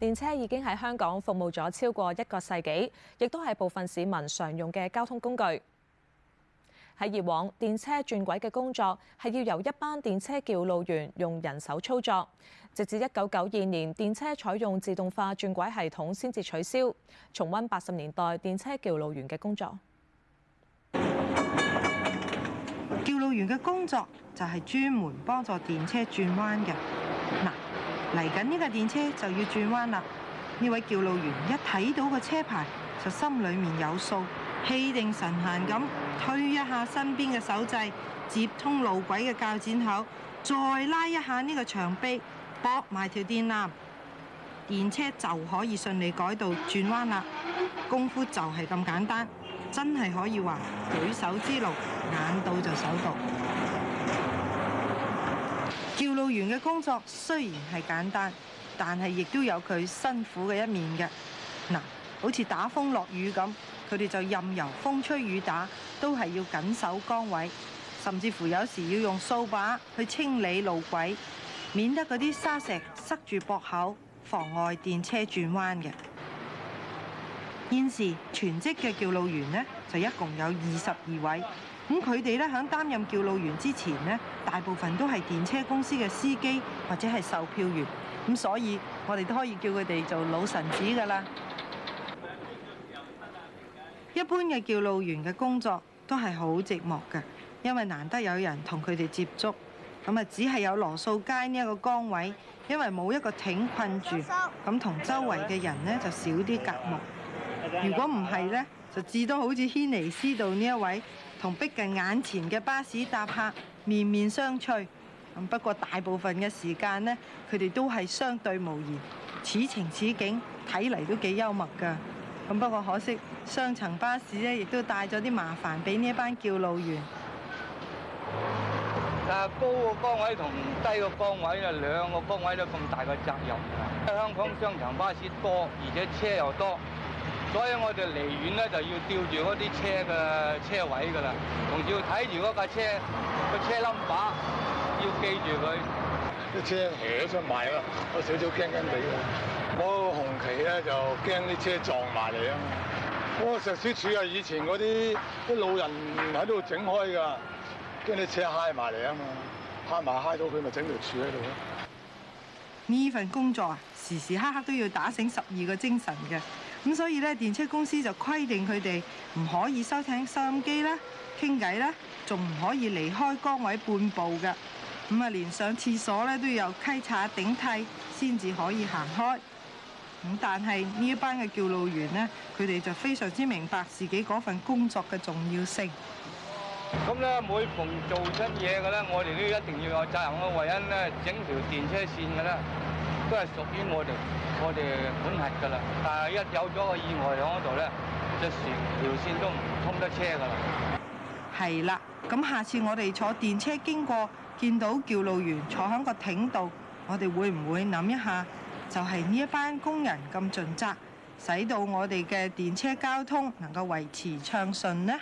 電車已經喺香港服務咗超過一個世紀，亦都係部分市民常用嘅交通工具。喺以往，電車轉軌嘅工作係要由一班電車撬路員用人手操作，直至一九九二年電車採用自動化轉軌系統先至取消。重溫八十年代電車撬路員嘅工作。撬路員嘅工作就係專門幫助電車轉彎嘅。嚟緊呢架電車就要轉彎啦！呢位撬路員一睇到個車牌，就心裏面有數，氣定神閒咁推一下身邊嘅手掣，接通路軌嘅鉸剪口，再拉一下呢個牆壁，搏埋條電纜，電車就可以順利改道轉彎啦！功夫就係咁簡單，真係可以話舉手之勞，眼到就手到。撬路員嘅工作雖然係簡單，但係亦都有佢辛苦嘅一面嘅。嗱，好似打風落雨咁，佢哋就任由風吹雨打，都係要緊守崗位，甚至乎有時要用掃把去清理路軌，免得嗰啲沙石塞住駁口，妨礙電車轉彎嘅。現時全職嘅撬路員呢，就一共有二十二位。咁佢哋咧，喺擔任撬路員之前咧，大部分都係電車公司嘅司機或者係售票員，咁所以我哋都可以叫佢哋做老臣子噶啦。一般嘅撬路員嘅工作都係好寂寞嘅，因為難得有人同佢哋接觸，咁啊，只係有羅素街呢一個崗位，因為冇一個亭困住，咁同周圍嘅人咧就少啲隔膜。如果唔係咧，就至多好似軒尼詩道呢一位。同逼近眼前嘅巴士搭客面面相覷。咁不過大部分嘅時間呢佢哋都係相對無言。此情此景睇嚟都幾幽默㗎，咁不過可惜雙層巴士咧，亦都帶咗啲麻煩俾呢一班撬路員。啊，高個崗位同低個崗位啊，兩個崗位都咁大個責任。香港雙層巴士多，而且車又多。所以我哋離遠咧就要吊住嗰啲車嘅車位噶啦，同時要睇住嗰架車個車冧把、那個，要記住佢啲車斜咗出埋啦，我少少驚驚地啊！我紅旗咧就驚啲車撞埋嚟啊嘛，我石屎柱啊，以前嗰啲啲老人喺度整開噶，驚啲車嗨埋嚟啊嘛，嗨埋嗨到佢咪整條柱喺度咯。呢份工作啊，時時刻刻都要打醒十二個精神嘅。咁所以咧，電車公司就規定佢哋唔可以收聽收音機啦、傾偈啦，仲唔可以離開崗位半步嘅。咁啊，連上廁所咧都要有稽查頂替先至可以行開。咁但係呢一班嘅撬路員咧，佢哋就非常之明白自己嗰份工作嘅重要性。咁咧，每逢做新嘢嘅咧，我哋都要一定要有責任囉，為因咧整條電車線嘅啦。都係屬於我哋，我哋管轄噶啦。但係一有咗個意外喺嗰度咧，就成條線都唔通得車噶啦。係啦，咁下次我哋坐電車經過，見到撬路員坐喺個艇度，我哋會唔會諗一下？就係呢一班工人咁盡責，使到我哋嘅電車交通能夠維持暢順呢？